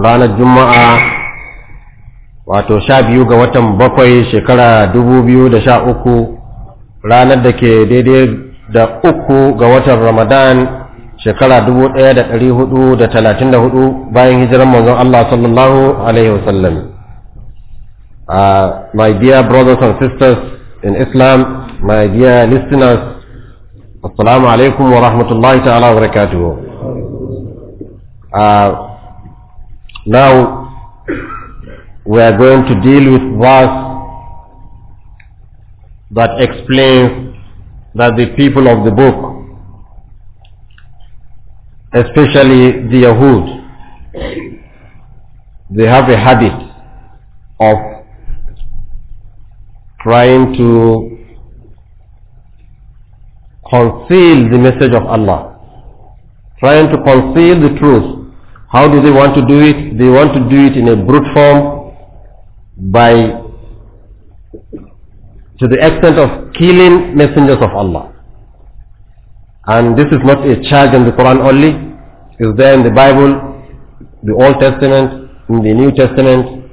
ranar juma'a wato sha biyu ga watan bakwai shekara dubu biyu da sha uku ranar da ke daidai da uku ga watan ramadan shekara dubu ɗaya da dari hudu da talatin da hudu bayan hijiran manzon Allah sallallahu alaihi wasallam uh, my dear brothers and sisters in Islam my dear listeners assalamu alaikum wa rahmatullahi ta'ala wa barakatuhu uh, Now, we are going to deal with verse that explains that the people of the book, especially the Yahud, they have a habit of trying to conceal the message of Allah, trying to conceal the truth how do they want to do it? They want to do it in a brute form by to the extent of killing messengers of Allah. And this is not a charge in the Quran only. It's there in the Bible, the Old Testament, in the New Testament,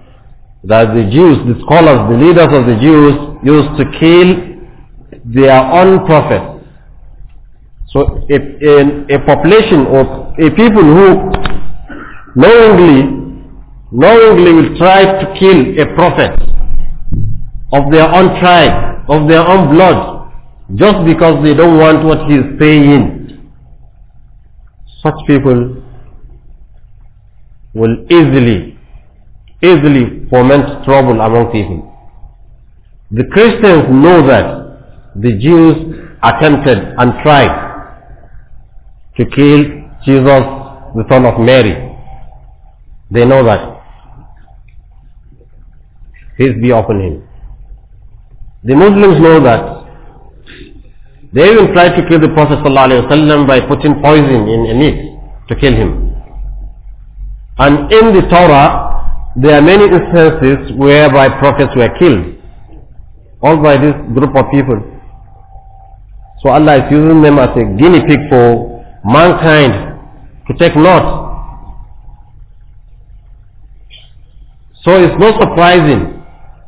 that the Jews, the scholars, the leaders of the Jews used to kill their own prophets. So if a, a population of a people who knowingly, knowingly will try to kill a prophet of their own tribe, of their own blood, just because they don't want what he is saying. Such people will easily, easily foment trouble among people. The Christians know that the Jews attempted and tried to kill Jesus, the son of Mary. They know that. Peace be upon him. The Muslims know that. They even tried to kill the Prophet ﷺ by putting poison in a meat to kill him. And in the Torah, there are many instances whereby prophets were killed, all by this group of people. So Allah is using them as a guinea pig for mankind to take note So it's not surprising,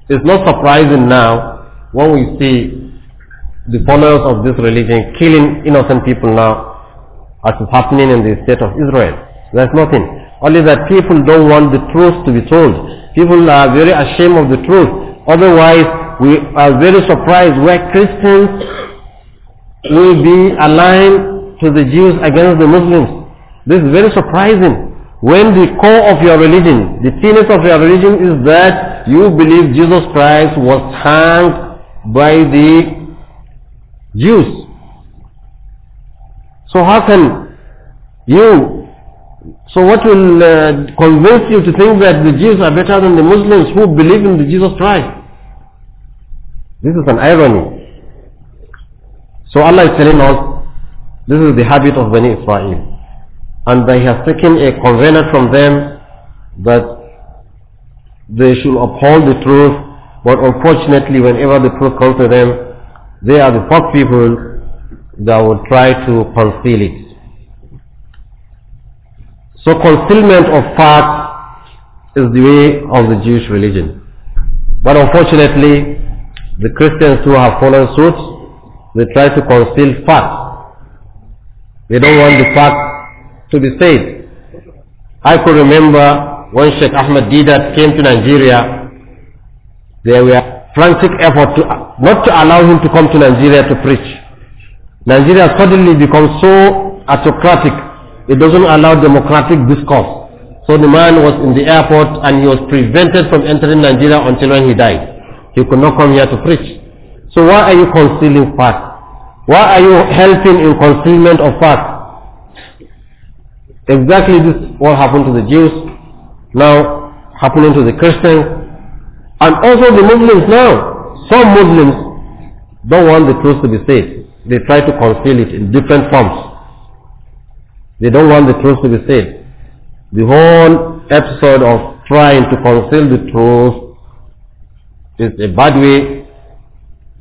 it's not surprising now when we see the followers of this religion killing innocent people now as is happening in the state of Israel. There's nothing. Only that people don't want the truth to be told. People are very ashamed of the truth. Otherwise, we are very surprised where Christians will be aligned to the Jews against the Muslims. This is very surprising. When the core of your religion, the tenet of your religion is that you believe Jesus Christ was hanged by the Jews. So how can you, so what will uh, convince you to think that the Jews are better than the Muslims who believe in the Jesus Christ? This is an irony. So Allah is telling us, this is the habit of Bani Israel and they have taken a covenant from them that they should uphold the truth, but unfortunately whenever the truth comes to them, they are the first people that will try to conceal it. So concealment of facts is the way of the Jewish religion. But unfortunately, the Christians who have fallen suit, they try to conceal facts. They don't want the facts to be said. I could remember when Sheikh Ahmed Didat came to Nigeria, there were frantic efforts to, not to allow him to come to Nigeria to preach. Nigeria suddenly becomes so autocratic, it doesn't allow democratic discourse. So the man was in the airport and he was prevented from entering Nigeria until when he died. He could not come here to preach. So why are you concealing facts? Why are you helping in concealment of facts? Exactly this what happened to the Jews, now happening to the Christians, and also the Muslims now. Some Muslims don't want the truth to be said. They try to conceal it in different forms. They don't want the truth to be said. The whole episode of trying to conceal the truth is a bad way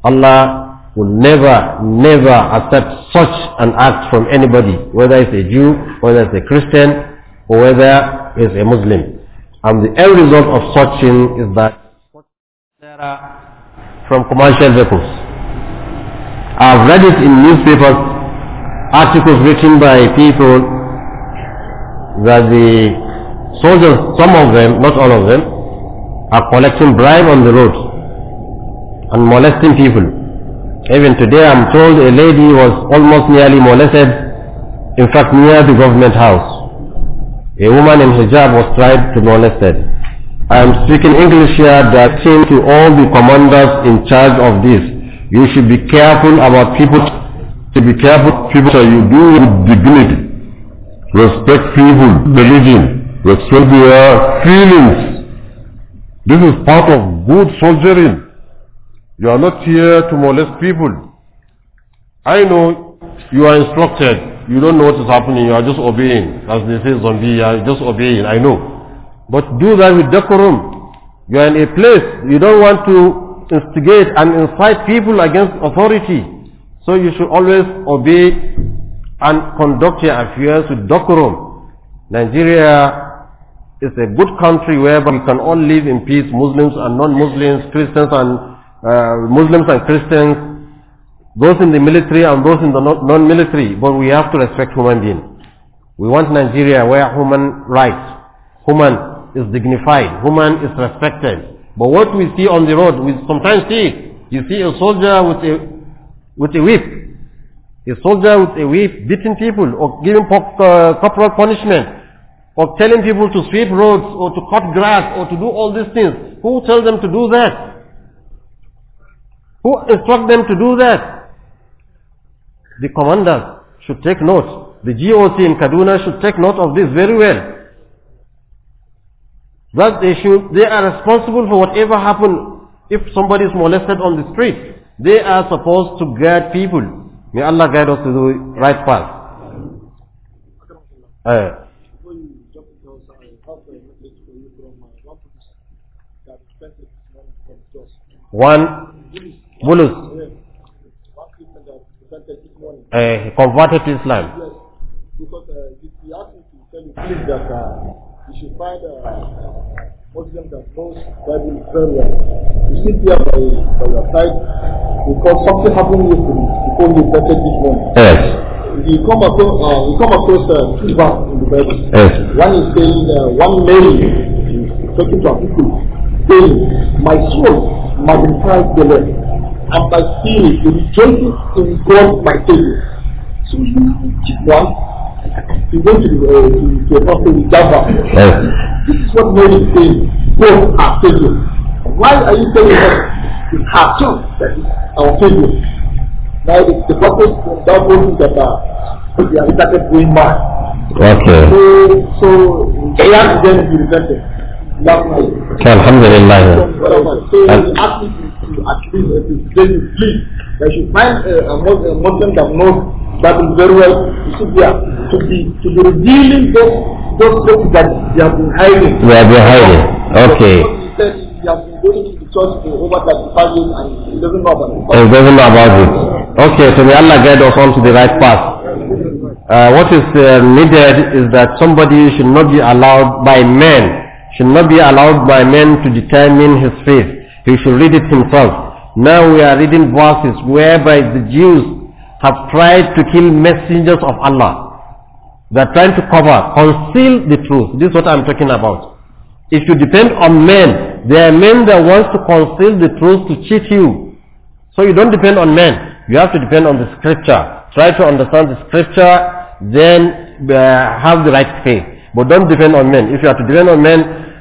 Allah will never, never accept such an act from anybody, whether it's a Jew, whether it's a Christian, or whether it's a Muslim. And the end result of such thing is that there from commercial vehicles. I've read it in newspapers, articles written by people that the soldiers, some of them, not all of them, are collecting bribe on the roads and molesting people. Even today I'm told a lady was almost nearly molested, in fact near the government house. A woman in hijab was tried to molested. I am speaking English here directing to all the commanders in charge of this. You should be careful about people, to be careful people so you do with dignity. Respect people, religion, respect their feelings. This is part of good soldiering. You are not here to molest people. I know you are instructed. You don't know what is happening. You are just obeying. As they say, zombie, you are just obeying. I know. But do that with decorum. You are in a place. You don't want to instigate and incite people against authority. So you should always obey and conduct your affairs with decorum. Nigeria is a good country where we can all live in peace, Muslims and non-Muslims, Christians and uh, Muslims and Christians, those in the military and those in the non-military, but we have to respect human being. We want Nigeria where human rights, human is dignified, human is respected. But what we see on the road, we sometimes see, you see a soldier with a, with a whip, a soldier with a whip beating people or giving uh, corporal punishment or telling people to sweep roads or to cut grass or to do all these things. Who tell them to do that? Who instruct them to do that? The commanders should take note. The GOC in Kaduna should take note of this very well. That they should, they are responsible for whatever happened if somebody is molested on the street. They are supposed to guide people. May Allah guide us to the right path. Uh, one Bulus. Uh, converted to Islam. Yes, because uh, he asked me to tell you please that uh, you should find uh, Muslim that knows Bible very well. You sit here by, by your side because something happened yesterday before you invented this one. Yes. We come across, uh, we come across uh, two verses in the Bible. Yes. One is saying, uh, one Mary is talking to her people, saying, My soul magnifies the Lord, and my spirit rejoices in God my Savior. So you one, you go to the uh, to, to with Java. This is what Mary is saying. God our Savior. Why are you saying that? It's have church that is our Savior. Now the purpose of that is that uh, they are started going mad. Okay. So, so they have to then be repented. Okay, Alhamdulillah. So, to at least if it's daily sleep. They should find a, a, Muslim, a Muslim that knows that is very well to sit there, to be, to be revealing those, those things that they have been hiding. They have been hiding, okay. He has been going to the church for over 35 years and he doesn't know about it. He doesn't know about it. Okay, so may Allah guide us on to the right path. Uh, what is uh, needed is that somebody should not be allowed by men, should not be allowed by men to determine his faith. He should read it himself. Now we are reading verses whereby the Jews have tried to kill messengers of Allah. They are trying to cover, conceal the truth. This is what I'm talking about. If you depend on men, there are men that want to conceal the truth to cheat you. So you don't depend on men. You have to depend on the scripture. Try to understand the scripture, then uh, have the right faith. But don't depend on men. If you have to depend on men,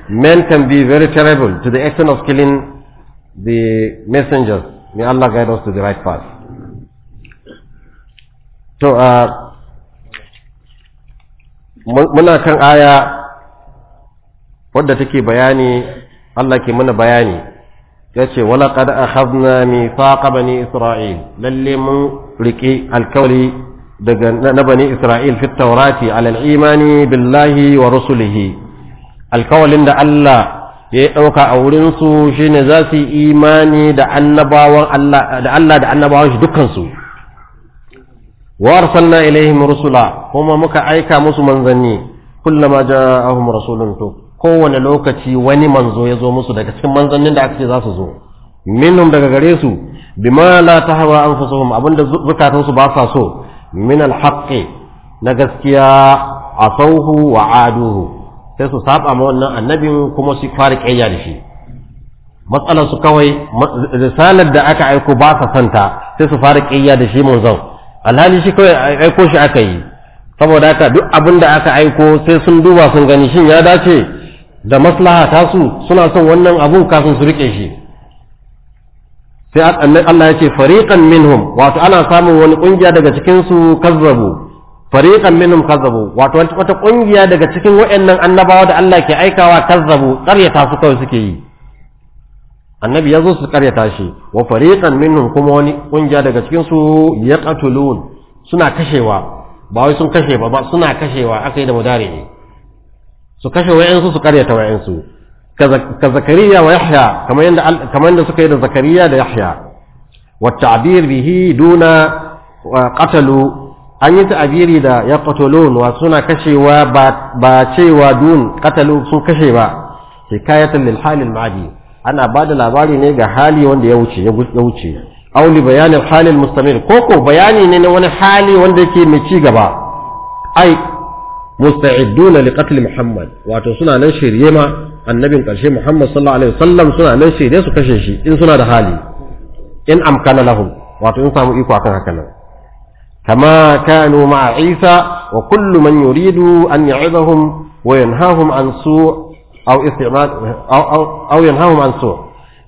men can be very terrible to the extent of killing the messengers. May Allah guide us to the right path. To, uh, muna kan aya wadda take bayani, Allah ke muna bayani, ya ce, Walaƙad a hazna mai faƙa bani Isra'il, lalle mun riƙe alkawali daga na bani Isra'il fit taurati alal imani billahi wa rusulihi, alkawalin da Allah ya yi ɗauka a wurinsu shi ne za su yi imani da annabawan Allah da Allah da annabawan shi dukkansu wa arsalna ilaihim rusula kuma muka aika musu manzanni kullama ja'ahum rasulun to kowane lokaci wani manzo ya zo musu daga cikin manzannin da aka ce za su zo minhum daga gare su bima la tahwa anfusuhum abinda zukatansu ba sa so min alhaqqi na gaskiya asauhu wa aduhu sai su saba ma wannan annabin kuma su fara kiyaya da shi matsalar su kawai risalar da aka aiko ba sa santa sai su fara kiyaya da shi manzon alhali shi kawai aiko shi aka yi saboda haka duk abin da aka aiko sai sun duba sun gani shin ya dace da maslaha ta su suna son wannan abun kafin su rike shi sai Allah ya ce fariqan minhum wato ana samun wani kungiya daga cikin su kazzabu fariqan minhum kazzabu wato wata kungiya daga cikin waɗannan annabawa da Allah ke aikawa kazzabu ƙaryata su kawai suke yi annabi ya zo su ƙaryata shi wa fariqan minhum kuma wani kungiya daga cikin su yaqtulun suna kashewa ba wai sun kashe ba ba suna kashewa akai yi da mudari ne su kashe wayansu su ƙaryata wayansu ka zakariya wa yahya kamar yadda kamar yanda suka yi da zakariya da yahya wa ta'bir bihi duna qatalu an yi ta'abiri da ya qatulun wa suna kashewa ba cewa dun qatalu sun kashe ba hikayatan lil halin ma'adi ana bada labari ne ga hali wanda ya wuce ya wuce aw bayanin halin al mustamir koko bayani ne na wani hali wanda yake mai ci gaba ai musta'iddun li qatl muhammad wato suna nan shirye ma annabin karshe muhammad sallallahu alaihi wasallam suna nan shirye su kashe shi in suna da hali in amkana lahum wato in samu iko akan haka nan كما كانوا مع عيسى وكل من يريد أن يعظهم وينهاهم عن سوء أو استعمال أو, أو, أو ينهاهم عن سوء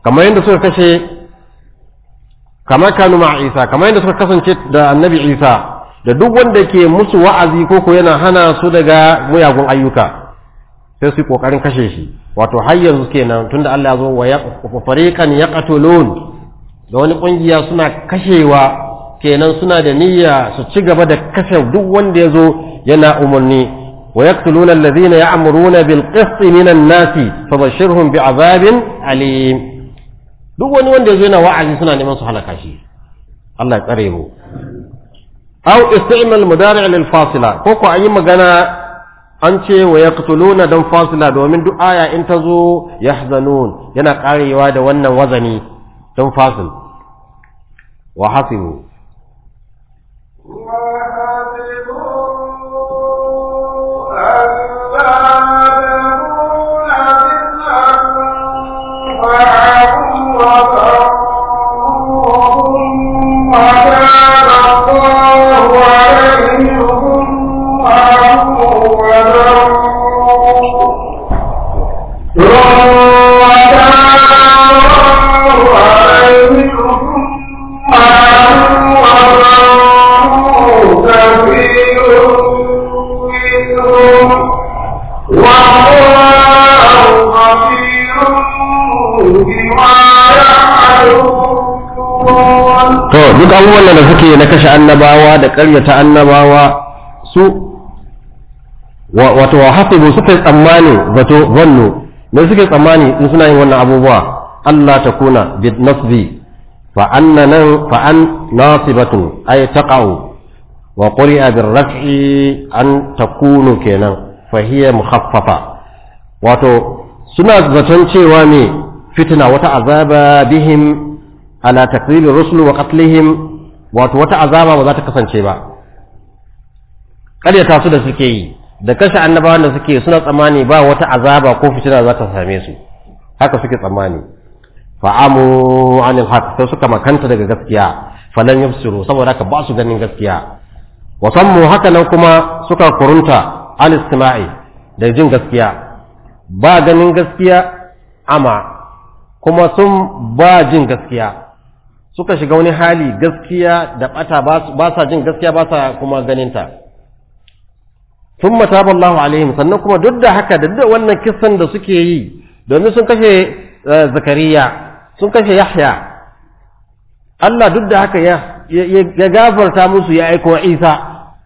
كما يندسوا كشي كما كانوا مع عيسى كما يندسوا كسن دا النبي عيسى da duk wanda ke musu wa'azi ko ko yana hana su daga muyagun ayyuka sai su kokarin kashe shi wato har yanzu kenan tunda Allah ya zo wa fariqan yaqtulun da wani kungiya suna kashewa kenan suna da niyya su ci gaba da kashe duk wanda ya zo yana umarni wa yaqtuluna alladhina ya'muruna bil qist minan nasi fabashirhum bi'adabin alim duk wani wanda ya zo yana wa'azi suna neman su halaka shi Allah ya tsare mu aw istimal mudari' lil fasila ko ko ayi magana an ce wa yaqtuluna dan fasila domin duk aya in ta zo yahzanun yana karewa da wannan wazani dan fasil wa hasibu Allah duk abubuwan da suke na kashe annabawa da karyata annabawa su wato wa bu suka tsammani zato zannu me suke tsammani in suna yin wannan abubuwa Allah ta kuna bi nasbi fa anna nan fa an nasibatu ay taqau wa quri'a bir raf'i an takunu kenan fa hiya mukhaffafa wato suna zaton cewa ne fitina wata azaba bihim ala takririn rusul wa qatlihim wato wata azaba ba za ta kasance ba ƙaryata su da suke yi da kashe annabawan da suke suna tsammani ba wata azaba ko fitina za ta same su haka suke tsammani amu anil haq sai suka makanta daga gaskiya falan yabsuru saboda haka ba su ganin gaskiya wa sammu haka nan kuma suka kurunta an istima'i da jin gaskiya ba ganin gaskiya ama kuma sun ba jin gaskiya suka shiga wani hali gaskiya da bata ba sa jin gaskiya ba sa kuma ganinta mataba Allah alaihim sannan kuma duk da haka da wannan kisan da suke yi domin sun kashe eh, zakariya sun kashe yahya Allah duk da haka ya gafarta musu ya aiko Isa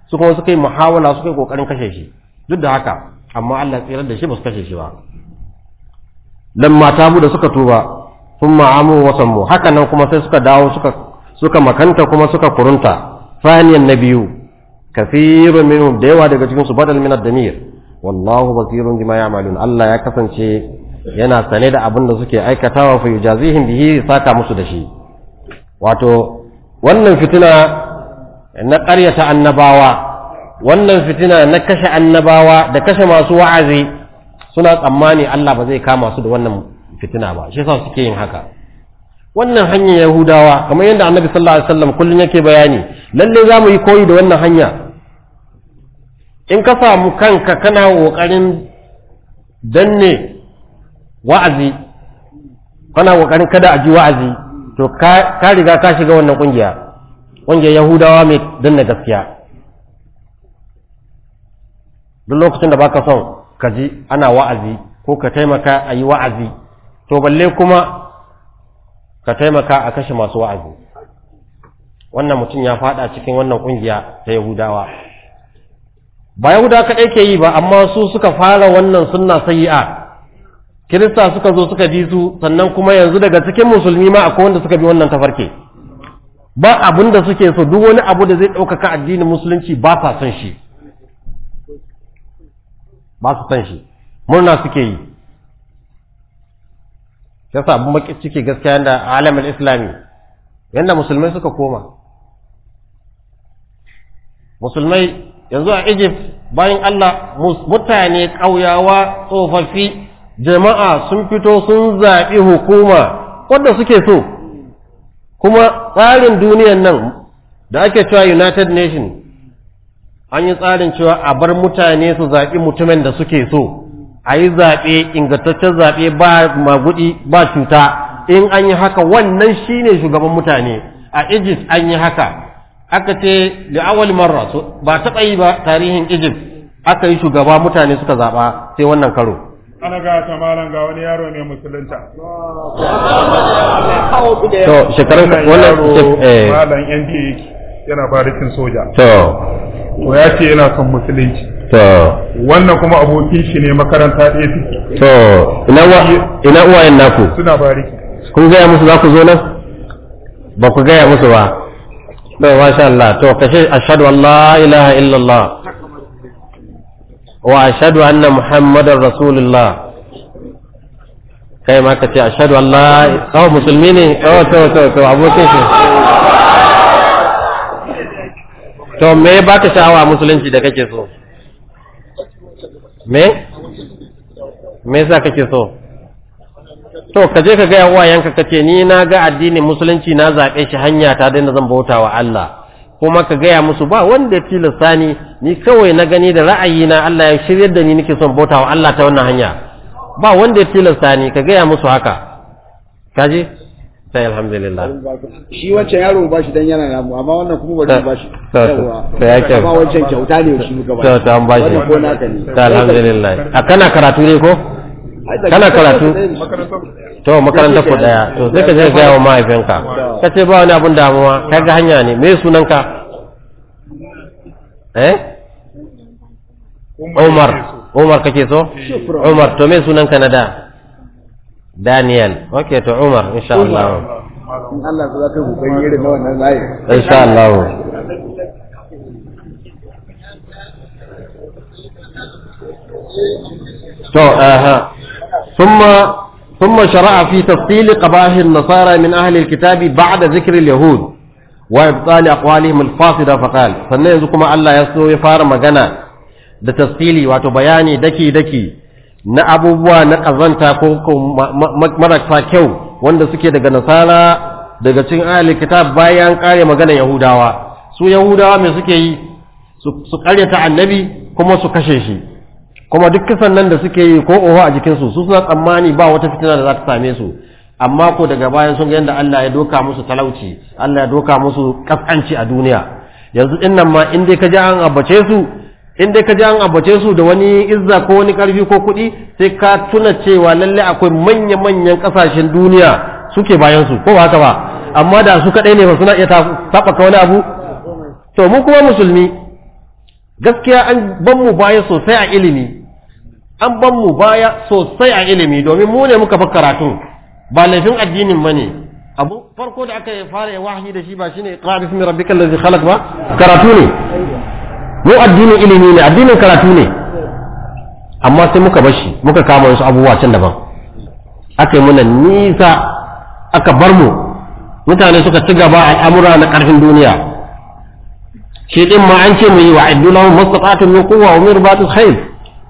su kuma suka yi muhawala suka yi kokarin kashe shi duk da haka amma Allah tsirar da shi ba su kashe shi ba lamma tabu da suka tuba sun ma'amu wasan mu haka nan kuma sai suka dawo suka makanta kuma suka kurunta faniyan na biyu kafiru minhum da yawa daga cikin su badal min ad-damir wallahu basirun bima ya'malun Allah ya kasance yana sane da abin da suke aikatawa fa yujazihim bihi saka musu da shi wato wannan fitina na ƙaryata annabawa wannan fitina na kashe annabawa da kashe masu wa'azi suna tsammani Allah ba zai kama su da wannan fitina ba shi yasa suke yin haka wannan hanyar yahudawa kamar yadda annabi sallallahu alaihi wasallam kullun yake bayani lalle za mu yi koyi da wannan hanya in ka samu kanka kana kokarin danne wa'azi kana kokarin kada a ji wa'azi to ka riga ka shiga wannan kungiya kungiyar yahudawa mai danne gaskiya duk lokacin da baka son ka ji ana wa'azi ko ka taimaka a yi wa'azi to balle kuma ka taimaka a kashe masu wa'azi wannan mutum ya fada cikin wannan kungiya ta yahudawa ba yahuda kaɗai ke yi ba amma su suka fara wannan sunna sayi'a kirista suka zo suka bi su sannan kuma yanzu daga cikin musulmi ma akwai wanda suka bi wannan tafarki ba abin da suke so duk wani abu da zai ɗaukaka addinin musulunci ba sa son shi ba su son shi murna suke yi ya sa abin bakin ciki gaskiya da alamin islami yadda musulmai suka koma musulmai yanzu a egypt bayan allah mutane ƙauyawa tsofaffi jama'a sun fito sun zaɓi hukuma wadda suke so kuma tsarin duniyan nan da ake cewa united Nation an yi tsarin cewa a bar mutane su zaɓi mutumin da suke so a yi zaɓe ingantaccen zaɓe ba magudi ba cuta in an yi haka wannan shi ne shugaban mutane a egypt an yi haka aka ce da awal marra ba taɓa yi ba tarihin egypt aka yi shugaba mutane suka zaɓa sai wannan karo ana ga samalan ga wani yaro ne musulunta to shekarun ka wannan eh. malam NDA yana barikin soja to to ya ce yana son musulunci wannan kuma abokin shi ne makaranta ɗaya su to ina uwayen naku suna bariki kun gaya musu za ku zo nan ba ku gaya musu ba to masha Allah to kashe ashhadu an la ilaha illallah wa ashadu anna muhammadar rasulullah kai ma ka ce ashadu an la oh musulmi ne kawo to to to abokin shi to me baka sha'awa musulunci da kake so me me yasa kake so to ka je ka gaya wa ka kace ni na ga addinin musulunci na zaɓe shi hanya ta daina zan bauta wa Allah kuma ka gaya musu ba wanda ya tilasta ni kawai na gani da ra'ayi na Allah ya shiryar da ni nake son bauta wa Allah ta wannan hanya ba wanda ya tilasta ni ka gaya musu haka kaje sai alhamdulillah shi wancan yaro ba shi dan yana namu amma wannan kuma bari ba shi yawa sai ya amma wancan kyauta ne shi gaba to ta an ba shi ko naka ne sai alhamdulillah a kana karatu ne ko kana karatu to makaranta ku daya to sai ka je ga wa mahaifinka ka ce ba wani abun damuwa ka ga hanya ne me sunan ka eh Umar Umar kake so Umar to me sunan ka na da Daniel okay, to Umar insha Allah in Allah za ka kokari irin aha ثم ثم شرع في تفصيل قبائل النصارى من أهل الكتاب بعد ذكر اليهود وإبطال أقوالهم الفاسدة فقال فنزكم الله يسلو يفار مجنا ده تفصيلي وتبياني دكي دكي na abubuwa na ƙazanta ko marasa kyau wanda suke daga nasara daga cin ahli kitab bayan ƙare maganar yahudawa su yahudawa mai suke yi su ta annabi kuma su kashe shi kuma duk kisan nan da suke yi ko oho a jikinsu su suna tsammani ba wata fitina da za ta same su amma ko daga bayan sun ga yadda Allah ya doka musu talauci Allah ya doka musu kaskanci a duniya yanzu din nan ma in dai ka ji an abace su in dai ka ji an ambace su da wani izza ko wani karfi ko kuɗi sai ka tuna cewa lalle akwai manya-manyan ƙasashen duniya suke bayan su ko ba haka ba amma da su kaɗai ne ba suna iya taɓa ka wani abu to mu kuma musulmi gaskiya an ban mu baya sosai a ilimi an ban mu baya sosai a ilimi domin mu ne muka fi karatu ba laifin addinin ba ne abu farko da aka fara wahayi da shi ba shine iqra bismi rabbikal ladzi khalaq ba karatu ne mu addinin ilimi ne addinin karatu ne amma sai muka bashi muka kama wasu abubuwa can daban aka yi muna nisa aka bar mu mutane suka ci gaba a al'amura na ƙarfin duniya shi din ma an ce mu yi wa addulahu mastata'atun min quwwa wa min ribatil khayr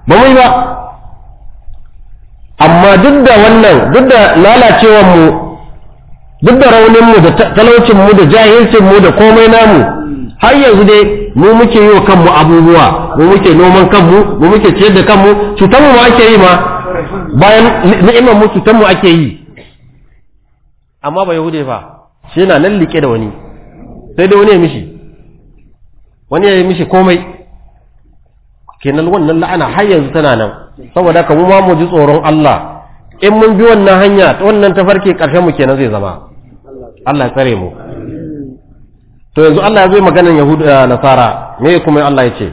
ba mu yi ba amma duk da wannan duk da lalacewar mu duk da raunin mu da talaucin mu da jahilcin mu da komai namu har yanzu dai mu muke yi wa kanmu abubuwa mu muke noman kanmu mu muke ciyar da kanmu cutar mu ake yi ma bayan ni'imar mu cutar mu ake yi amma ba yahude ba shi yana nan liƙe da wani sai dai wani ya mishi wani ya yi mishi komai kenan wannan la'ana har yanzu tana nan saboda ka mu ma mu ji tsoron Allah in mun bi wannan hanya wannan tafarki ƙarshen mu kenan zai zama Allah tsare mu to yanzu Allah ya zo maganar Yahudu da eh, Nasara me kuma Allah ya ce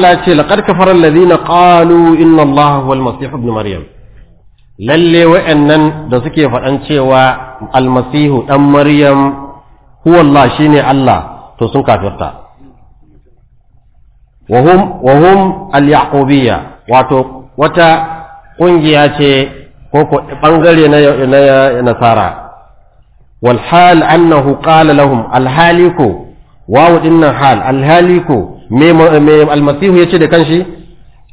Allah ya ce laqad kafara alladhina qalu inna Allah huwa al-masih ibn maryam lalle wa'annan da suke faɗan cewa almasihu dan maryam huwa Allah shine Allah to sun kafirta wahum wahum al-yaqubiyya wato wata kungiya ce ko ko bangare na nasara wal hal annahu qala lahum al haliku wawu dinnan hal al haliku me almasihu ya ce da kanshi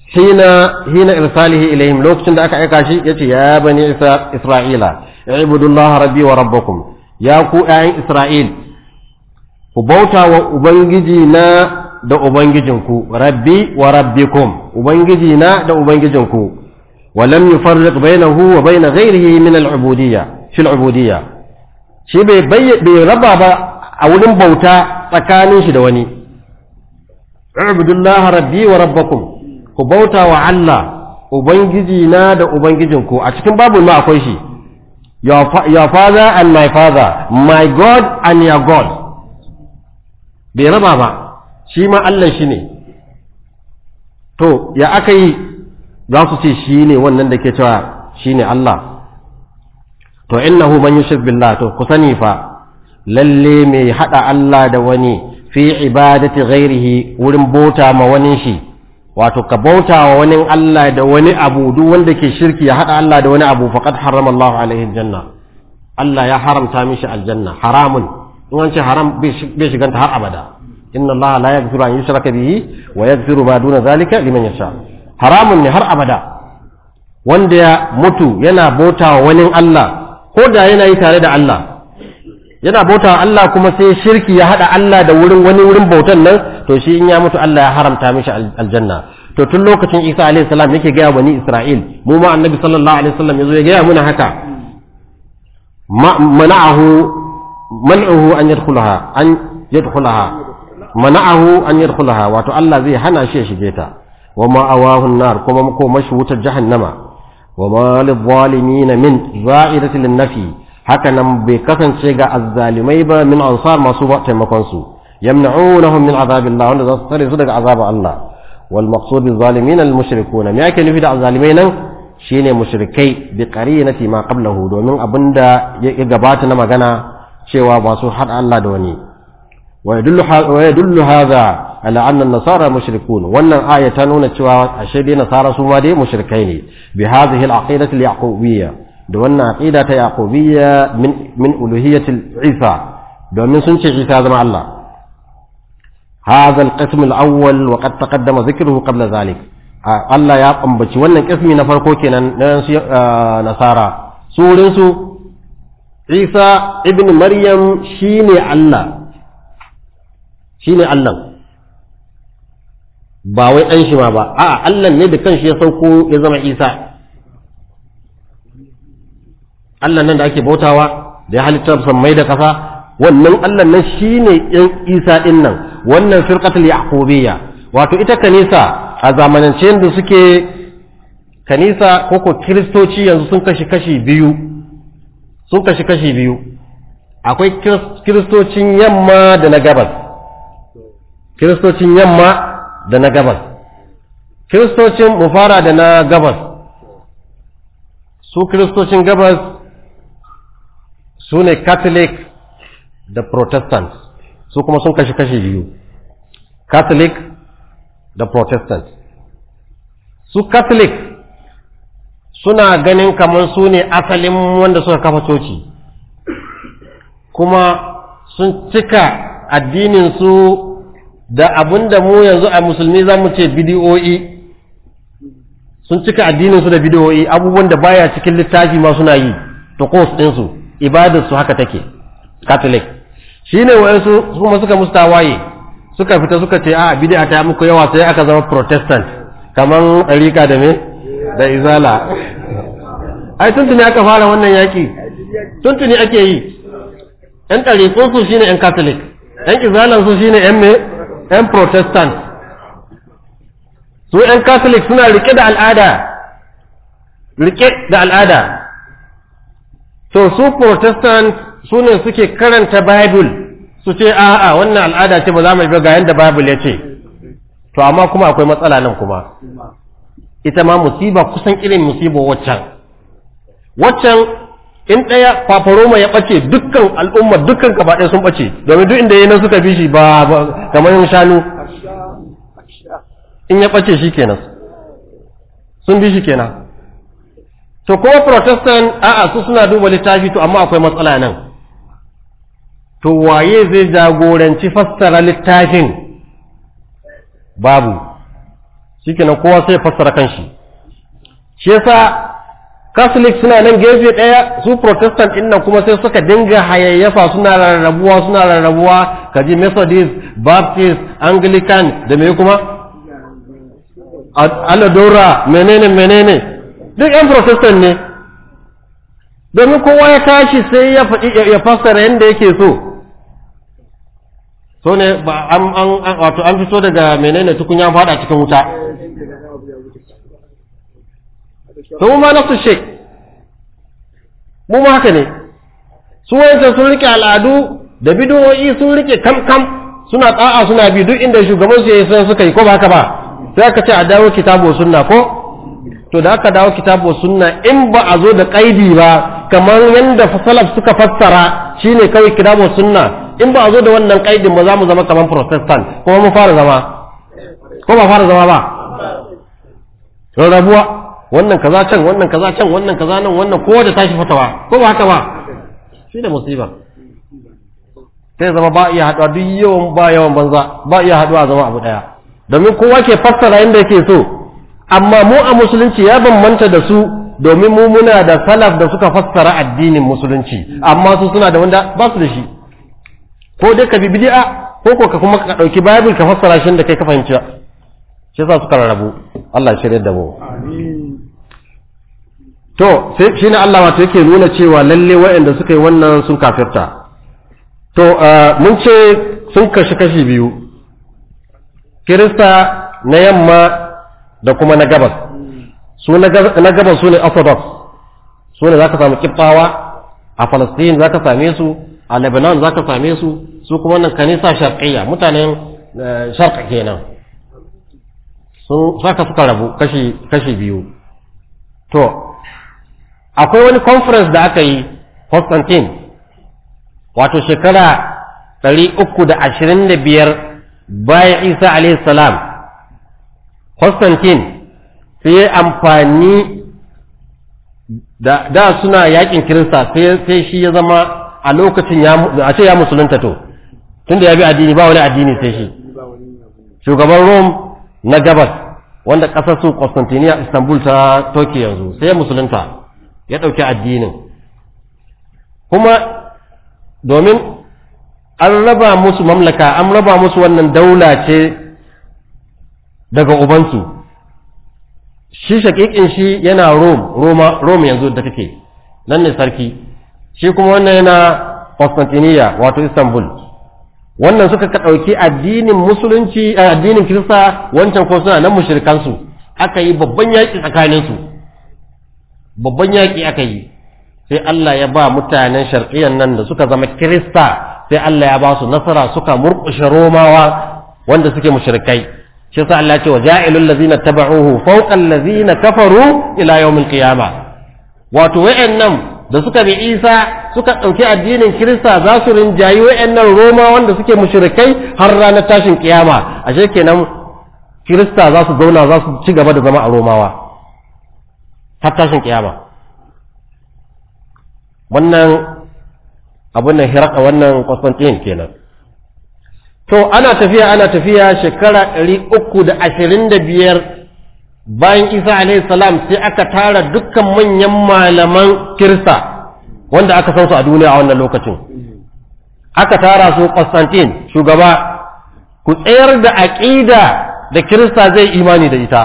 hina hina irsalihi ilayhim lokacin da aka aika shi yace ya bani isra'ila ibudullah rabbi wa ya ku yayan isra'il ku bauta wa ubangiji na da ku rabbi wa rabbikum ubangiji na da ubangijinku ولم يفرق بينه وبين غيره من العبودية في العبودية shi bai raba ba a wurin bauta tsakanin shi da wani Abdullah rabbi wa rabbakum ku bauta wa Allah ubangiji na da ubangijin ku a cikin babu ma akwai shi your father and my father my god and your god bai raba ba shi ma Allah shi ne to ya aka yi za su ce shi ne wannan da ke cewa shi ne Allah to innahu man yushrik billah to ku sani fa lalle mai hada Allah da wani fi ibadati ghairihi wurin bauta ma wani shi wato ka bauta wa wani Allah da wani abu duk wanda ke shirki ya hada Allah da wani abu faqad harrama Allah alaihi janna Allah ya haramta mishi aljanna haramun in an ce haram bai shiganta har abada inna Allah la yaghfiru an yushraka bihi wa yaghfiru ma duna zalika liman yasha haramun ne har abada wanda ya mutu yana bauta wa wani Allah ko da yana yi tare da Allah yana bauta Allah kuma sai shirki ya hada Allah da wurin wani wurin bautan nan to shi in ya mutu Allah ya haramta mishi aljanna to tun lokacin Isa alaihi salam yake gaya bani Isra'il mu ma annabi sallallahu alaihi wasallam yazo ya gaya muna haka mana'ahu man'uhu an yadkhulaha an yadkhulaha mana'ahu an yadkhulaha wato Allah zai hana shi ya shige ta wa ma awahu nar kuma wutar jahannama wa ma lidh min za'iratin nafi haka nan bai kasance ga azzalimai ba min ansar masu taimakon su yamna'unahum min azabillah wanda za su tare su daga azabar Allah wal maqsud bil zalimin al mushrikuna me yake nufi da azzalimai nan shine mushrikai bi qarinati ma qablahu domin abinda ya gabata na magana cewa ba su hada Allah da wani wa yadullu wa yadullu hadha ala anna an-nasara mushrikun wannan aya ta nuna cewa ashe dai nasara su ma dai mushrikai ne bi hadhihi al aqidati al yaqubiyya da wannan aqida ta yaqubiyya min min uluhiyyatil isa domin sun ce isa zama Allah hadha al-qism al-awwal wa qad taqaddama dhikruhu qabla Allah ya wannan kismi na farko kenan na nasara surin su Isa ibn Maryam shine Allah shine Allah ba wai ɗan shi ma ba a'a Allah ne da kanshi ya sauko ya zama Isa Allah nan da ake bautawa da ya halitta mai da kasa wannan Allah nan shine ɗan Isa din nan wannan firqatul yaqubiyya wato ita kanisa a zamanance da suke kanisa ko ko kristoci yanzu sun kashi kashi biyu sun kashi kashi biyu akwai kristocin yamma da na gabas kristocin yamma da na gabas kristocin mu fara da na gabas su kristocin gabas su ne catholic da protestant su kuma sun kashe kashe biyu catholic da protestant su catholic suna ganin kamar su ne asalin wanda suka kafa coci kuma sun cika addininsu da abin da mu yanzu a musulmi za mu ce bidiyo'i sun cika addininsu da bidiyo'i abubuwan da baya cikin littafi ma suna yi ta ɗinsu ibadar su haka take catholic shine wayansu kuma suka mustawaye suka fita suka ce a bid'a ta muku yawa sai aka zama protestant kaman ɗariƙa da me da izala ai tuntuni aka fara wannan yaki tuntuni ake yi yan ɗariƙun su shine yan catholic yan izalan su shine yan me yan protestant su yan catholic suna rike da al'ada rike da al'ada to su protestant su ne suke karanta bible su ce a'a wannan al'ada ce ba za mu bi ga yanda bible ya ce to amma kuma akwai matsala nan kuma ita ma musiba kusan irin musiba waccan waccan in ɗaya fafaroma ya ɓace dukkan al'umma dukkan gaba ɗaya sun ɓace domin duk inda ya nan suka bi shi ba kamar shanu in ya ɓace shi kenan sun bi shi kenan to kuma protestant a'a su suna duba littafi to amma akwai matsala nan to waye zai jagoranci fassara littafin babu kenan kowa sai fassara kanshi shi yasa catholic suna nan gefe ɗaya su protestant ɗin nan kuma sai suka dinga hayayyafa suna rarrabuwa suna rarrabuwa kaji methodist baptist anglican da me kuma aladora menene menene duk yan protestant ne domin kowa ya tashi sai ya faɗi ya fassara yadda yake so so ne ba an wato an fito daga menene tukunya fada cikin wuta to ma nafsu shek mu ma haka ne su wayancan sun rike al'adu da bidowoyi sun rike kam kam suna ta'a suna bi duk inda shugaban su yayi sai suka yi ko ba haka ba sai aka ce a dawo kitabu sunna ko to da aka dawo kitabu sunna in ba a zo da kaidi ba kamar yadda salaf suka fassara shine kawai kitabu sunna in ba a zo da wannan kaidin ba za mu zama kamar protestant kuma mu fara zama ko ba fara zama ba rarrabuwa wannan kaza can wannan kaza can wannan kaza nan wannan kowa da tashi fatawa ko ba haka ba shi da musiba sai zama ba iya haɗuwa duk yawan ba yawan banza ba iya haɗuwa zama abu ɗaya domin kowa ke fassara inda yake so amma mu a musulunci ya bambanta da su domin mu muna da salaf da suka fassara addinin musulunci amma su suna da wanda ba su da shi ko dai ka bi bid'a ko ko ka kuma ka dauki bible ka fassara shi da kai ka fahimci shi yasa suka rarrabu Allah ya shirye da mu to sai shine Allah wato yake nuna cewa lalle wa'anda suka yi wannan sun kafirta to mun ce sun kashi kashi biyu kirista na yamma da kuma na gabas su na gabas su ne orthodox su ne za ka samu kibtawa a falastin za ka same su a lebanon za ka same su su kuma wannan kanisa sharqiyya mutanen eh, sharq kenan su saka suka rabu kashi kashi biyu to akwai wani conference da aka yi Constantine wato shekara 325 uku da ashirin da biyar bayan Isa alaihi salam Constantine sai ya amfani da, suna yakin Kirista sai shi ya zama a lokacin a ce ya musulunta to tunda ya bi addini ba wani addini sai shi shugaban Rome na gabas wanda ƙasar su Constantinople Istanbul ta Turkey yanzu sai ya musulunta ya ɗauki addinin kuma domin an raba musu mamlaka an raba musu wannan daula ce daga ubansu shi shakikin shi yana Rome Roma Rome yanzu da take nan ne sarki shi kuma wannan yana constantinia wato Istanbul wannan suka ka ɗauki addinin musulunci eh, addinin kirista wancan ko suna nan mushrikan aka yi babban yaƙi tsakaninsu, babban yaƙi aka yi sai Allah ya ba mutanen sharqiyan nan da suka zama kirista sai Allah ya ba su nasara suka murƙushe Romawa wanda suke mushrikai shi yasa Allah ce wa ja'ilul ladzina tabauhu fawqa allazina kafaru ila yawmil qiyama wato wayannan da suka bi Isa suka dauki addinin Kirista za su rinjayi wayannan Roma wanda suke mushrikai har ranar tashin kiyama ashe kenan Kirista za su zauna za su ci gaba da zama a Romawa har tashin kiyama wannan abun nan hiraka wannan Constantine kenan to ana tafiya ana tafiya shekara ɗari uku da ashirin da biyar bayan isa alaihi salam sai aka tara dukkan manyan malaman kirista wanda aka san a duniya a wannan lokacin aka tara su Constantine shugaba ku tsayar da aƙida da kirista zai imani da ita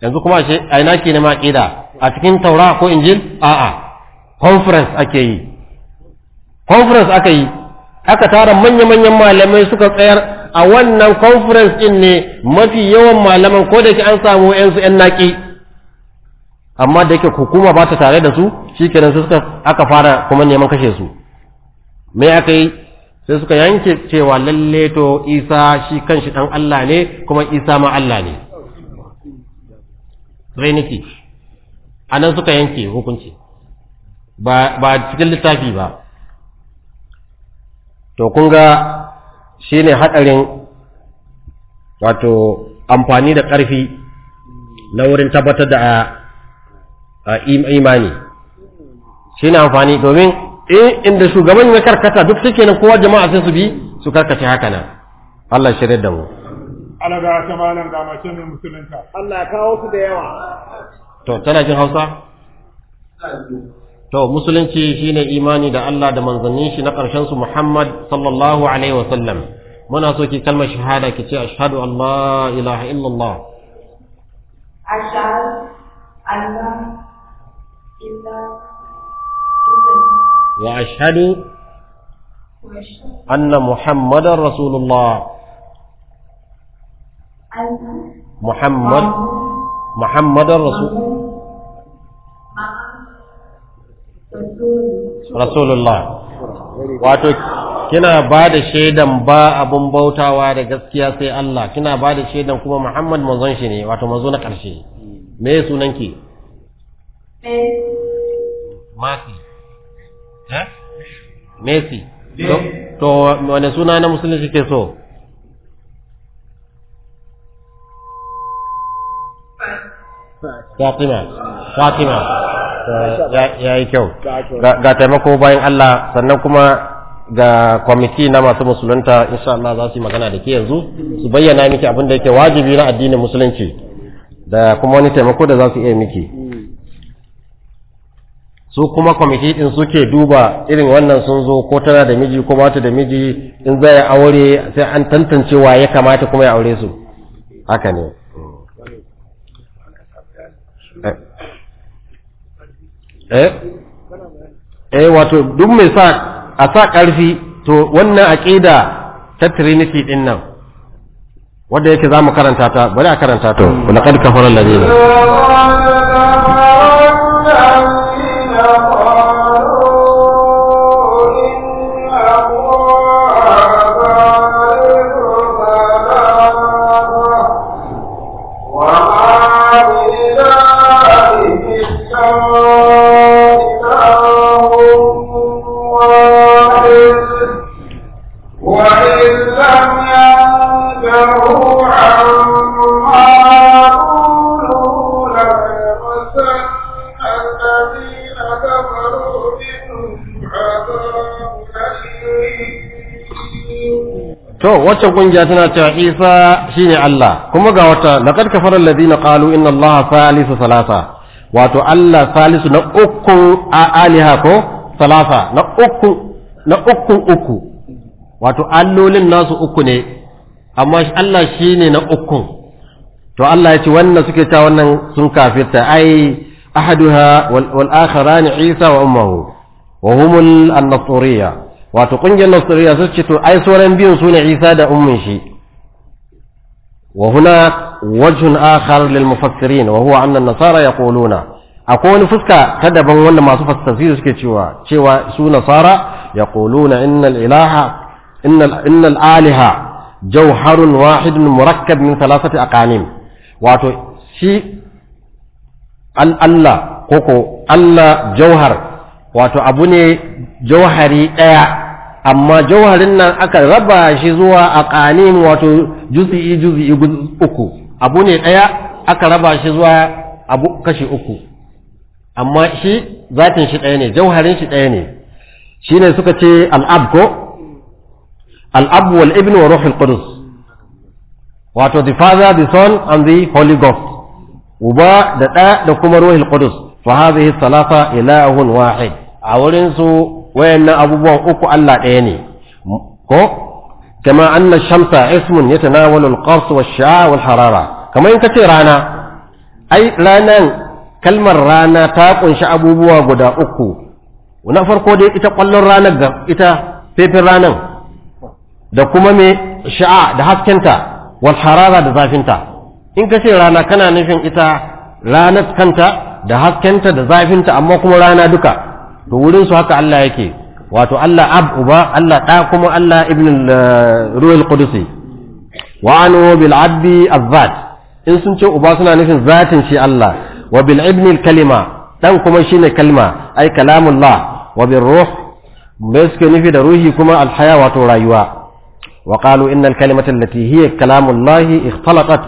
yanzu kuma a ina ke nema aƙida a cikin taura ko injil a'a conference ake yi conference aka yi aka tara manya-manyan malamai suka tsayar a wannan conference din ne mafi yawan malaman ko da ke an samu yansu yan naki amma da yake hukuma ba ta tare da su shi kenan su suka aka fara kuma neman kashe su me aka yi sai suka yanke cewa lalle to Isa shi kanshi dan Allah ne kuma Isa ma Allah ne Trinity anan suka yanke hukunci ba ba cikin littafi ba to kun ga ne haɗarin wato amfani da ƙarfi na wurin tabbatar da imani shi ne amfani domin inda shugaban ya karkata duk suke nan kowa jama'a sai su bi su karkace haka nan Allah shirye da mu Allah ga ta malam ga mace mai musulunta Allah ya kawo su da yawa to tana jin Hausa to musulunci shine imani da Allah da manzannin shi na ƙarshen su Muhammad sallallahu alaihi wa sallam muna so ki kalmar shahada ki ce ashhadu an la ilaha illallah ashhadu an la ilaha wa ashhadu anna muhammadar rasulullah rasulullah wato kina ba da shaidan ba abun bautawa da gaskiya sai Allah kina ba da shaidan kuma Muhammad manzon shi ne wato manzo na ƙarshe me ya sunan ki Masi ha. Eh? Messi to wane suna na musulunci ke so Fatima Fatima ya yi kyau ga taimako bayan Allah sannan kuma ga kwamiti na masu musulunta insha Allah za su yi magana da ke yanzu su bayyana miki abin da yake wajibi na addinin musulunci da kuma wani taimako da za su iya miki su kuma kwamiti din suke duba irin wannan sun zo ko tana da miji ko bata da miji in zai aure sai an tantancewa ya kamata kuma ya aure su haka ne eh. eh eh wato duk mai sa a sa ƙarfi to wannan aqida ta trinity din nan wanda yake za mu karanta ta bari a karanta ta laqad kafara alladhina waccan kungiya tana cewa Isa shine Allah kuma ga wata laqad kafara alladhina qalu inna Allah salisu salasa wato Allah salisu na uku a aliha ko salasa na uku na uku uku wato allolin nasu uku ne amma Allah shine na uku to Allah ya ce wannan suke ta wannan sun kafirta ai ahaduha wal akharani Isa wa ummuhu wa humul an wato ƙungiyar nasuriya su ce to ai sauran biyun su ne isa da ummin shi wa huna wajhun akhar lil mufassirin wa huwa anna nasara yaquluna akwai wani fuska ta daban wanda masu fassiri suke cewa cewa su nasara yaquluna innal ilaha innal innal aliha jawharun wahidun murakkab min thalathati aqanim wato shi Allah koko Allah jauhar wato abu ne jauhari ɗaya amma jauharin nan aka raba shi zuwa a ƙanin wato juzi'i juzi'i uku abu ne ɗaya aka raba shi zuwa abu kashi uku amma shi zatin shi ɗaya ne jawaharin shi ɗaya ne shi ne suka ce al'ab ko al'ab wal ibn wa ruhul qudus wato the father the son and the holy ghost uba da ɗa da kuma ruhul qudus fa hadhihi thalatha ilahun wahid a wurinsu. wayannan abubuwan uku Allah ɗaya ne ko kama anna shamsa ismun yatanawalu al-qars wa sha'a wal harara kamar in kace rana ai ranan kalmar rana ta kunshi abubuwa guda uku na farko dai ita kwallon ranar ga ita fefin ranan da kuma me sha'a da haskenta wal harara da zafinta in kace rana kana nufin ita ranar kanta da haskenta da zafinta amma kuma rana duka to wurin su haka Allah yake wato Allah ab uba Allah da kuma Allah ibn eh, ruhul qudusi wa anu bil abdi azzat in sun ce uba suna nufin zatin shi Allah wa bil ibn al kalima dan kuma shine kalma ai kalamullah wa bil ruh me suke nufi da ruhi kuma alhaya wato rayuwa wa qalu innal kalimata allati hiya kalamullahi ikhtalatat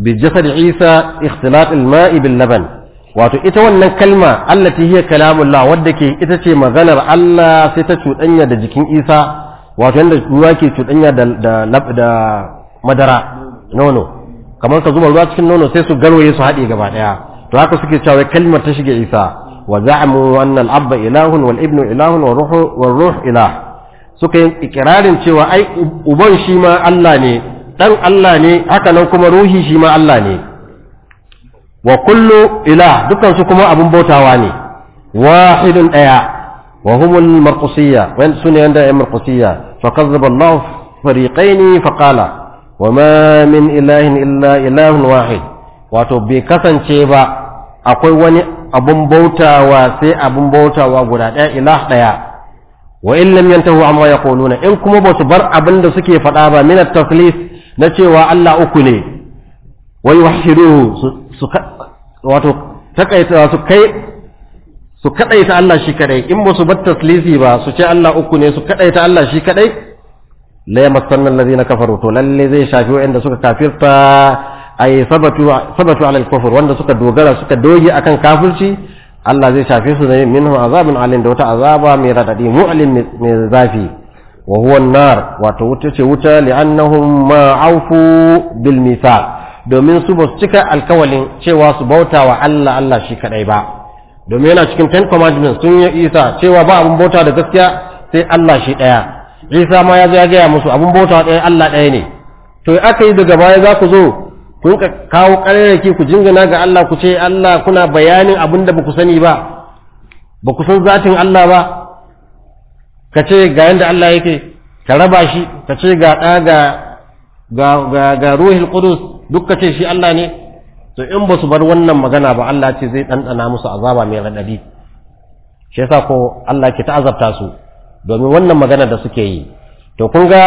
bi jasad isa ikhtilat al ma'i bil laban wato ita wannan kalma allah ta hiya kalamullah wadda ke ita ce maganar Allah sai ta cuɗanya da jikin Isa wato yadda ruwa ke cuɗanya da da da madara nono kamar ka zuba ruwa cikin nono sai su garwaye su haɗe gaba ɗaya to haka suke cewa kalmar ta shige Isa wa za'amu anna al-abba ilahun wal ibnu ilahun wa ruhu wa ruh ilah suka yi ikirarin cewa ai uban shi ma Allah ne dan Allah ne haka nan kuma ruhi shi ma Allah ne wa kullu ilah dukansu kuma abin bautawa ne wahidun daya wa humul marqusiyya wa sunne yanda ay marqusiyya fa kazzaba Allah fariqain fa qala wa ma min ilahin illa ilahun wahid wato bai kasance ba akwai wani abun bautawa sai abun bautawa guda daya ilah daya wa in lam yantahu amma yaquluna in kuma ba su bar abin da suke faɗa ba min at-taklif na cewa Allah uku ne wa yuwahhiduhu su wato takaita su kai su kadaita Allah shi kadai in ba su bar taslisi ba su ce Allah uku ne su kadaita Allah shi kadai la yamassanna allazina kafaru to lalle zai shafi wanda suka kafirta ay sabatu sabatu ala al-kufr wanda suka dogara suka doge akan kafirci Allah zai shafe su ne minhu azabin alim da wata azaba mai radadi mu'lim mai zafi wa huwa an-nar wato wuta ce wuta li'annahum ma'afu bil mithaq domin su ba su cika alkawalin cewa su bauta wa Allah Allah shi kadai ba domin yana cikin ten commandments sun yi isa cewa ba abin bauta da gaskiya sai Allah shi daya isa ma ya zo ya gaya musu abin bauta daya Allah daya ne to aka yi daga baya za ku zo ku kawo ƙararraki ku jingina ga Allah ku ce Allah kuna bayanin abin da ba ku sani ba ba ku san zatin Allah ba ka ce ga yadda Allah yake ka raba shi ka ce ga ga ga ga ruhul qudus duk ka ce shi Allah ne to in ba su bar wannan magana ba Allah ce zai ɗanɗana musu azaba mai raɗaɗi shi yasa ko Allah ke ta'azabta su domin wannan magana da suke yi to kun ga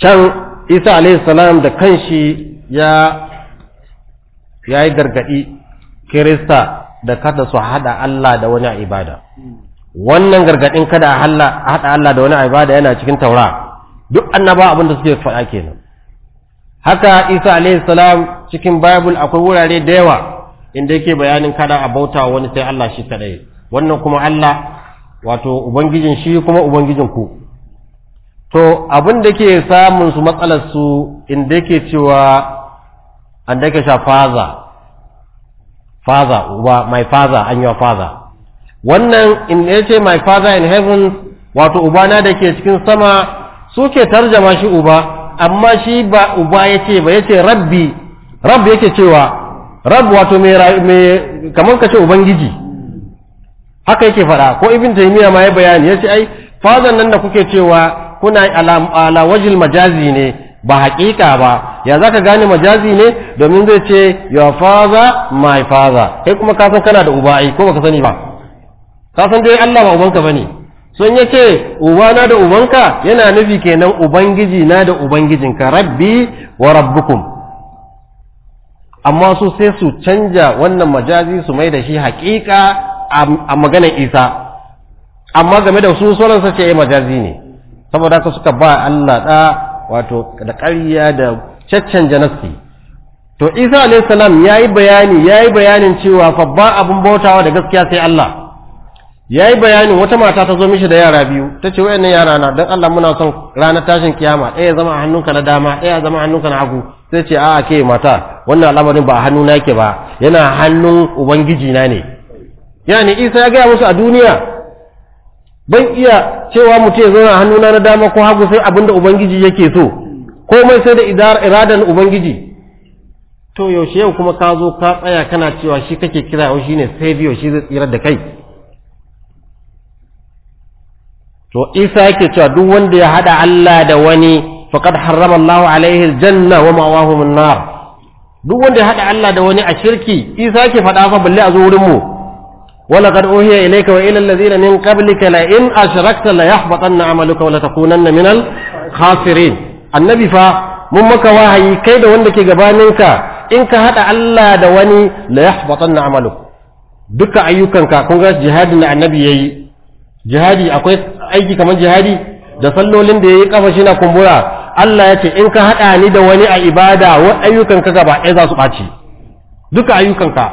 can Isa alaihi salam da kanshi shi ya yi gargaɗi Kirista da kada su haɗa Allah da wani ibada wannan gargaɗin kada a haɗa Allah da wani a ibada yana cikin taura duk annaba abin da suke faɗa kenan haka isa alaihissalam cikin bible akwai wurare da yawa inda yake bayanin kada a bauta wani sai Allah shi kadai wannan kuma Allah wato ubangijin shi kuma ubangijin ku to abin da ke samun su matsalar su inda yake cewa an da sha faza faza uba my father an your father wannan in ya ce my father in heaven wato ubana da ke cikin sama suke tarjama shi uba amma shi ba uba ya ce ba ya ce rabbi rabbi yake cewa rab wato mai kamar ka ce ubangiji haka yake faɗa ko ibn taymiya ma ya bayani ya ce ai fazan nan da kuke cewa kuna ala wajil majazi ne ba haƙiƙa ba ya zaka gane majazi ne domin zai ce your father my father kai kuma ka san kana da uba ai ko baka sani ba ka san dai Allah ba ubanka bane sun yace ubana da ubanka yana nufi kenan ubangiji na da ubangijinka rabbi wa rabbukum amma su sai su canja wannan majazi su mai da shi haƙiƙa a maganar isa amma game da su sauransa ce ya eh, majazi ne saboda haka suka ba Allah ɗa wato da ƙarya da caccanja nafsi to isa alayhi salam yayi bayani yayi bayanin cewa fa ba abun bautawa da gaskiya sai Allah ya yi bayanin wata mata ta zo mishi da yara biyu ta ce wayannan yara na don Allah muna son ranar tashin kiyama ɗaya ya zama a hannunka na dama ɗaya ya zama a hannunka na hagu sai ce a'a ke mata wannan al'amarin ba a hannu na ke ba yana hannun ubangiji na ne yani isa ya gaya musu a duniya ban iya cewa mutum ya zama a hannuna na dama ko hagu sai abin da ubangiji yake so komai sai da iradan ubangiji to yaushe yau kuma ka zo ka tsaya kana cewa shi kake kira yau shine savior shi zai tsirar da kai to isa yake cewa duk wanda ya hada Allah da wani faqad harrama Allahu alaihi aljanna wa ma'wahu nar duk wanda ya hada Allah da wani a shirki isa yake fada fa balle a zo wurin mu wala qad uhiya ilayka wa ila alladhina min qablika la in ashrakta la yahbatanna amaluka wa la takunanna min al-khasirin annabi fa mun maka wahayi kai da wanda ke gabaninka in ka hada Allah da wani la yahbatanna amaluka duka ayyukanka kun ga jihadin da annabi yayi jihadi akwai aiki kamar jihadi da sallolin da ya yi kafa shi na kumbura Allah ya ce in ka haɗa ni da wani a ibada wa ayyukan ka gaba ɗaya za su ɓaci duka ayyukan ka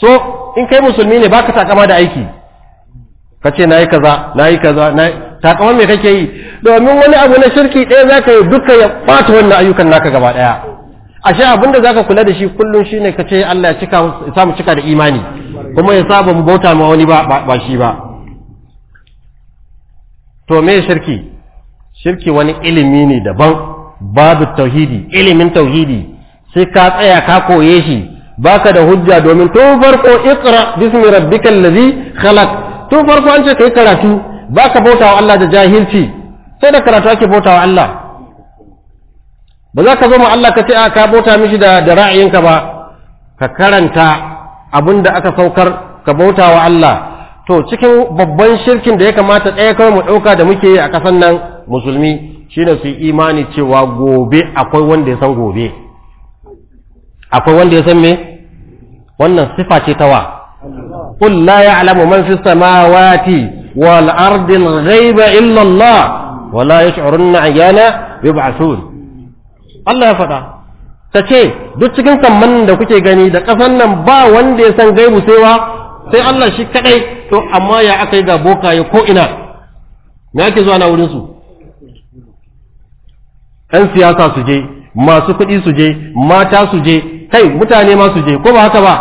so in kai musulmi ne baka takama da aiki ka ce yi kaza yi kaza yi takama me kake yi domin wani abu na shirki ɗaya za ka yi duka ya ɓata wannan ayyukan naka gaba ɗaya ashe abin da za ka kula da shi kullum shine ka ce Allah ya cika samu cika da imani kuma ya saba mu bauta ma wani ba ba shi ba to me shirki shirki wani ilimi ne daban babu tauhidi ilimin tauhidi sai ka tsaya ka koye shi baka da hujja domin tun farko iqra bismi rabbikal ladhi khalaq tun farko an ce kai karatu baka bautawa Allah da jahilci sai da karatu ake bautawa Allah ba za ka zo ma Allah ka ce a ka bauta mishi da da ra'ayinka ba ka karanta abin da aka saukar ka bautawa Allah to cikin babban shirkin da ya kamata ɗaya kawai mu ɗauka da muke yi a ƙasan nan musulmi shine su yi imani cewa gobe akwai wanda ya san gobe akwai wanda ya san me wannan sifa ce ta wa قل لا يعلم من في السماوات والأرض الغيب إلا الله ولا يشعرن Allah ya faɗa. Ta ce duk cikin kamman da kuke gani da ƙasan nan ba wanda ya san gaibu sai wa sai Allah shi kadai to amma ya aka yi ga bokaye ko ina me ake zuwa na wurin su ɗan siyasa su je masu kuɗi su je mata su je kai mutane ma su je ko ba haka ba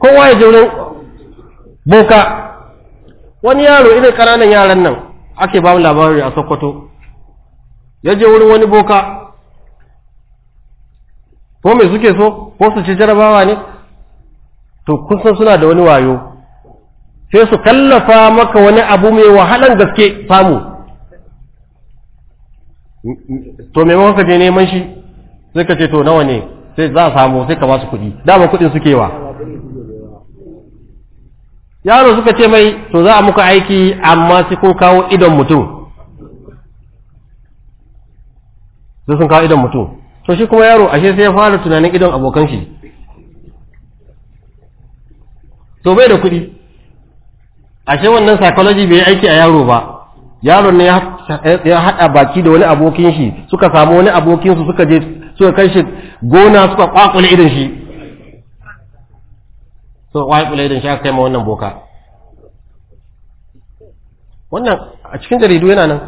kowa ya je wurin boka wani yaro irin ƙananan yaran nan ake ba labari a sokoto ya je wurin wani boka ko me suke so ko su ci jarabawa ne to kun suna da wani wayo sai su kallafa maka wani abu mai wahalan gaske samu to maimakon ka je neman shi sai ka ce to nawa ne sai za a samu sai ka ba su kuɗi dama kuɗin suke wa yaro suka ce mai to za a muka aiki amma sai kun kawo idon mutum sai sun kawo idon mutum to shi kuma yaro ashe sai ya fara tunanin idon abokan shi to bai da kuɗi ashe wannan psychology bai aiki a yaro ba yaron ne ya haɗa baki da wani abokin shi suka samu wani abokin su suka je suka kai shi gona suka kwakule idan shi suka kwakule idan shi aka kai ma wannan boka wannan a cikin jaridu yana nan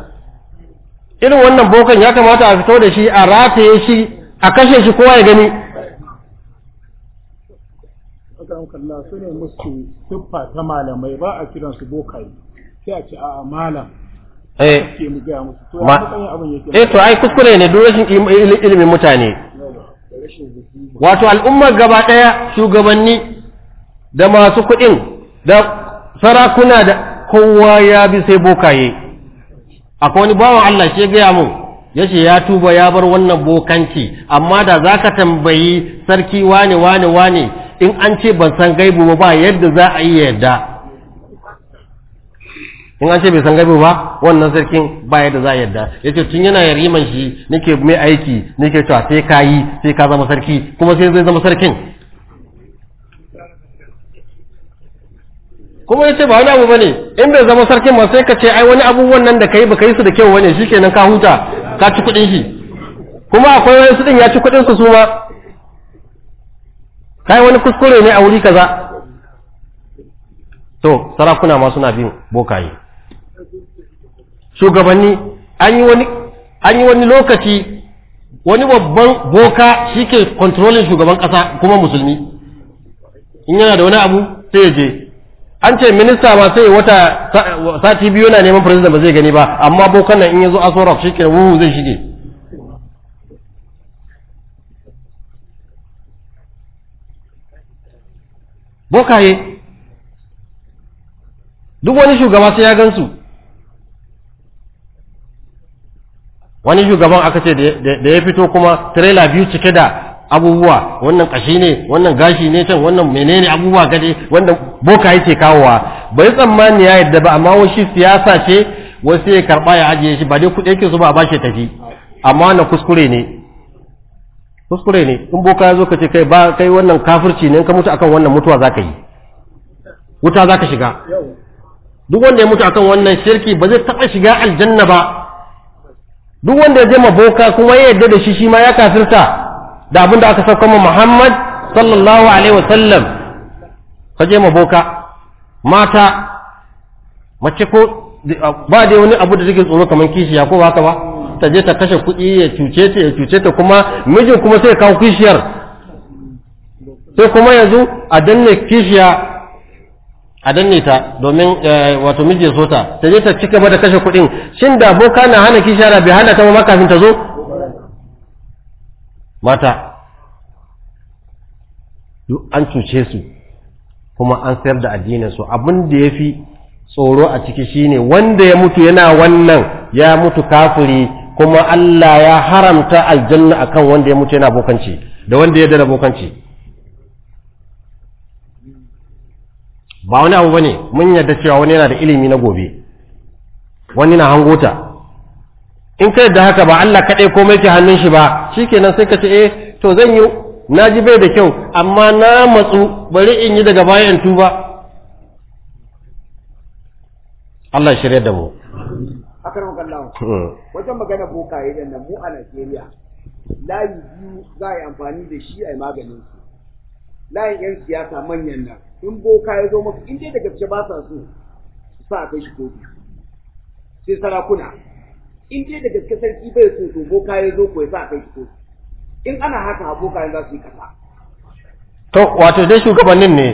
irin wannan bokan ya kamata a fito da shi a rataye shi a kashe shi kowa ya gani kalla su ne musu siffa ta malamai ba a kiran su bokaye sai a ce eh. a malam eh to ai kuskure ne duk rashin ilimin mutane wato al'ummar gaba daya shugabanni da masu kuɗin da sarakuna da kowa ya bi sai bokaye akwai wani bawan Allah shi gaya mu ya ce ya tuba ya bar wannan bokanci amma da zaka tambayi sarki wane wane wane in an ce ban san gaibu ba yadda za a yi yadda in an ce bai san gaibu ba wannan sarkin ba yadda za a yadda ya ce tun yana yariman shi nake mai aiki nake cewa sai ka yi sai ka zama sarki kuma sai zai zama sarkin kuma ya ce ba wani abu ba ne in bai zama sarkin ba sai ka ce ai wani abubuwan nan da ka yi ba ka yi su da kyau wani shi kenan ka huta ka ci kuɗin shi kuma akwai wani su ɗin ya ci kuɗin su su ma kai wani kuskure ne a wuri kaza to sarakuna ma suna bin bokaye shugabanni an yi wani an yi wani lokaci wani babban boka shike controlling shugaban kasa kuma musulmi in yana da wani abu sai je an ce minista ba sai wata sati biyu na neman president ba zai gani ba amma bokan nan in ya zo aso rock shike wuhu zai shige bokaye duk wani shugaba sai ya gansu wani shugaban aka ce da ya fito kuma trailer biyu cike da abubuwa wannan kashi ne wannan gashi ne can wannan menene abubuwa gaje wanda bokaye ce kawowa bai tsammani ya yadda ba amma wani siyasa ce wasu ya karba ya ajiye shi ba dai kuɗi yake so ba a bashi tafi amma wannan kuskure ne kuskure ne in boka ya zo ka ce kai ba kai wannan kafirci ne in ka mutu akan wannan mutuwa za yi wuta za ka shiga duk wanda ya mutu akan wannan shirki ba zai taba shiga aljanna ba duk wanda ya je boka kuma ya yarda da shi shi ma ya kafirta da abin da aka sauka ma Muhammad sallallahu alaihi wa sallam ka je boka mata mace ko ba dai wani abu da take tsoro kamar kishiya ko ba haka ba ta je ta kashe kuɗi ya cuce ta ya cuce ta kuma mijin kuma sai kawo kishiyar sai kuma yanzu a danne kishiya a danne ta domin eh, wato miji ya sota ta je ta cika da kashe kuɗin shin da boka na hana kishiya da bai hana ta ba kafin ta zo mata an cuce su kuma an sayar da addinin su abin da ya fi tsoro a ciki shine wanda ya mutu yana wannan ya mutu kafiri kuma Allah ya haramta aljanna akan wanda ya mutu yana bokanci da wanda ya dana bokanci ba wani abu bane mun yarda cewa wani yana da ilimi na gobe wani na hangota in kai da haka ba Allah kaɗai komai ke hannun shi ba shikenan sai ka ce eh to zan yi na ji bai da kyau amma na matsu bari in yi daga bayan tuba Allah shirya da mu a karfin kallon hmm. wajen magana bokaye da nan mu a nigeria layi biyu za a yi amfani da shi a yi maganin su layin yan siyasa manyan nan in boka ya zo maka in dai da gaske ba sa so sa a kai shi kotu sai sarakuna in dai da gaske sarki bai so to boka ya zo ko ya sa a kai shi kotu in ana haka boka za su yi kasa to wato dai shugabannin ne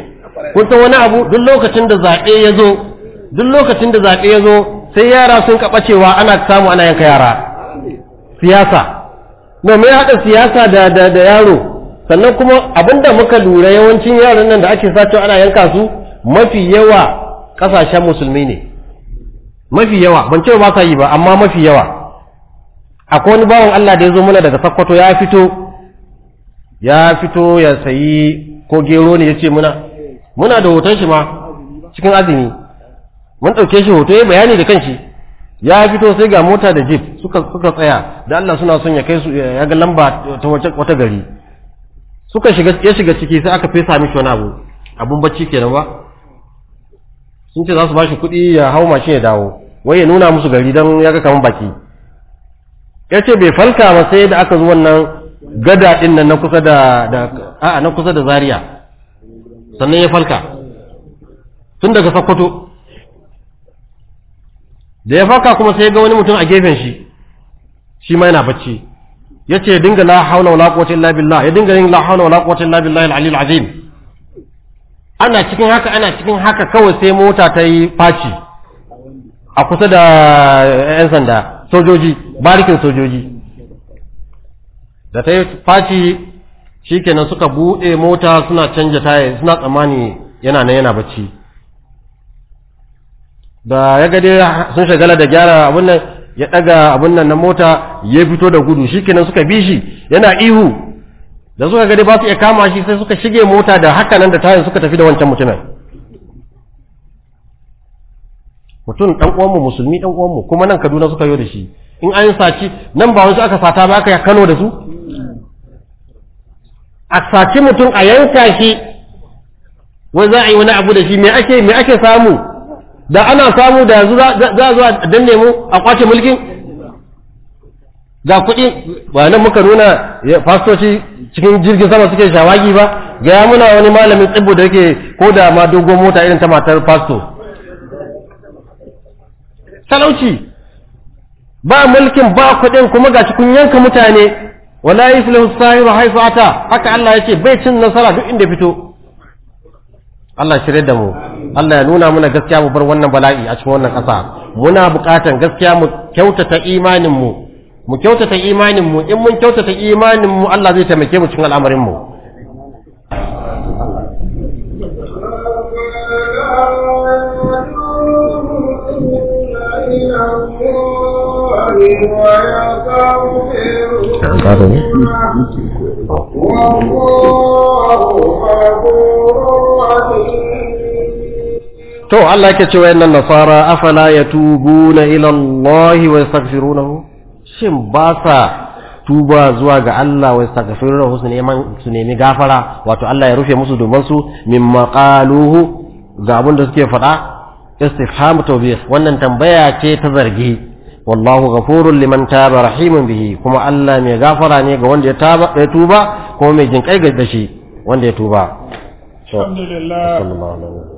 kun san wani abu duk lokacin da zaɓe ya zo duk lokacin da zaɓe ya zo sai yara sun kaɓa cewa ana samu ana yanka yara siyasa no mai haɗa siyasa da da yaro sannan kuma abinda muka lura yawancin yaran nan da ake sace ana yanka su mafi yawa ƙasashen musulmi ne mafi yawa ban ce ba sa yi ba amma mafi yawa akwai wani bawan Allah da ya zo mana daga Sokoto ya fito ya fito ya sayi ko gero ne ya ce muna muna da hoton shi ma cikin azumi mun ɗauke shi hoto ya bayani da kanshi ya fito sai ga mota da jeep suka suka tsaya da Allah suna son ya kai su ya ga lamba ta wata gari suka shiga ya shiga ciki sai aka fesa mishi wani abu abun bacci kenan ba sun ce za su bashi kuɗi ya hau mashin ya dawo wai ya nuna musu gari don ya ga kaman baki ya ce bai falka ba sai da aka zo wannan gada ɗin nan na kusa da a'a na kusa da zaria sannan ya falka tun daga sakkwato da ya farka kuma sai ga wani mutum a gefen shi shi ma yana bacci ya ce dinga la haula wala quwwata illa billah ya dinga yin la haula wala quwwata illa billahi al-ali al-azim ana cikin haka ana cikin haka kawai sai mota ta yi faci a kusa da eh, yan sanda sojoji barikin sojoji da ta yi faci shikenan suka buɗe mota suna canja taya suna tsammani yana nan yana bacci da ya ga dai sun shagala da gyara abun nan ya daga abun nan na mota ya fito da gudu shikenan suka bi shi yana ihu da suka ga dai ba su iya kama shi sai suka shige mota da haka nan da tayin suka tafi da wancan mutumin mutum dan uwan mu musulmi dan uwan mu kuma nan Kaduna suka yi da shi in an saci nan ba wasu aka sata ba aka Kano da su a saci mutum a yanka shi wai za a yi wani abu da shi me ake me ake samu da ana samu da yanzu za zuwa danne mu a kwace mulkin ga kuɗi ba nan muka nuna fastoci cikin jirgin sama suke shawagi ba gaya muna wani malamin tsibbo da yake ko da ma dogon mota irin ta matar fasto talauci ba mulkin ba kuɗin kuma ga kun yanka mutane wala yuflihu sahiru haifu ata haka Allah ya ce bai cin nasara duk inda fito Allah shirye da mu Allah ya nuna muna gaskiya mu bar wannan bala'i a cikin wannan ƙasa muna buƙatar gaskiya mu kyautata imanin mu mu kyautata imanin mu in mun kyautata imanin mu Allah zai taimake mu cikin al'amarin mu Allah to Allah yake cewa yannan nasara afala yatubuna ila Allah wa yastaghfirunahu shin ba sa tuba zuwa ga Allah wa yastaghfirunahu su neman su nemi gafara wato Allah ya rufe musu domin su mimma qaluhu ga abin da suke faɗa istifham tawbih wannan tambaya ce ta zargi wallahu ghafurun liman taba rahimun bihi kuma Allah mai gafara ne ga wanda ya taba ya tuba kuma mai jinkai ga shi wanda ya tuba alhamdulillah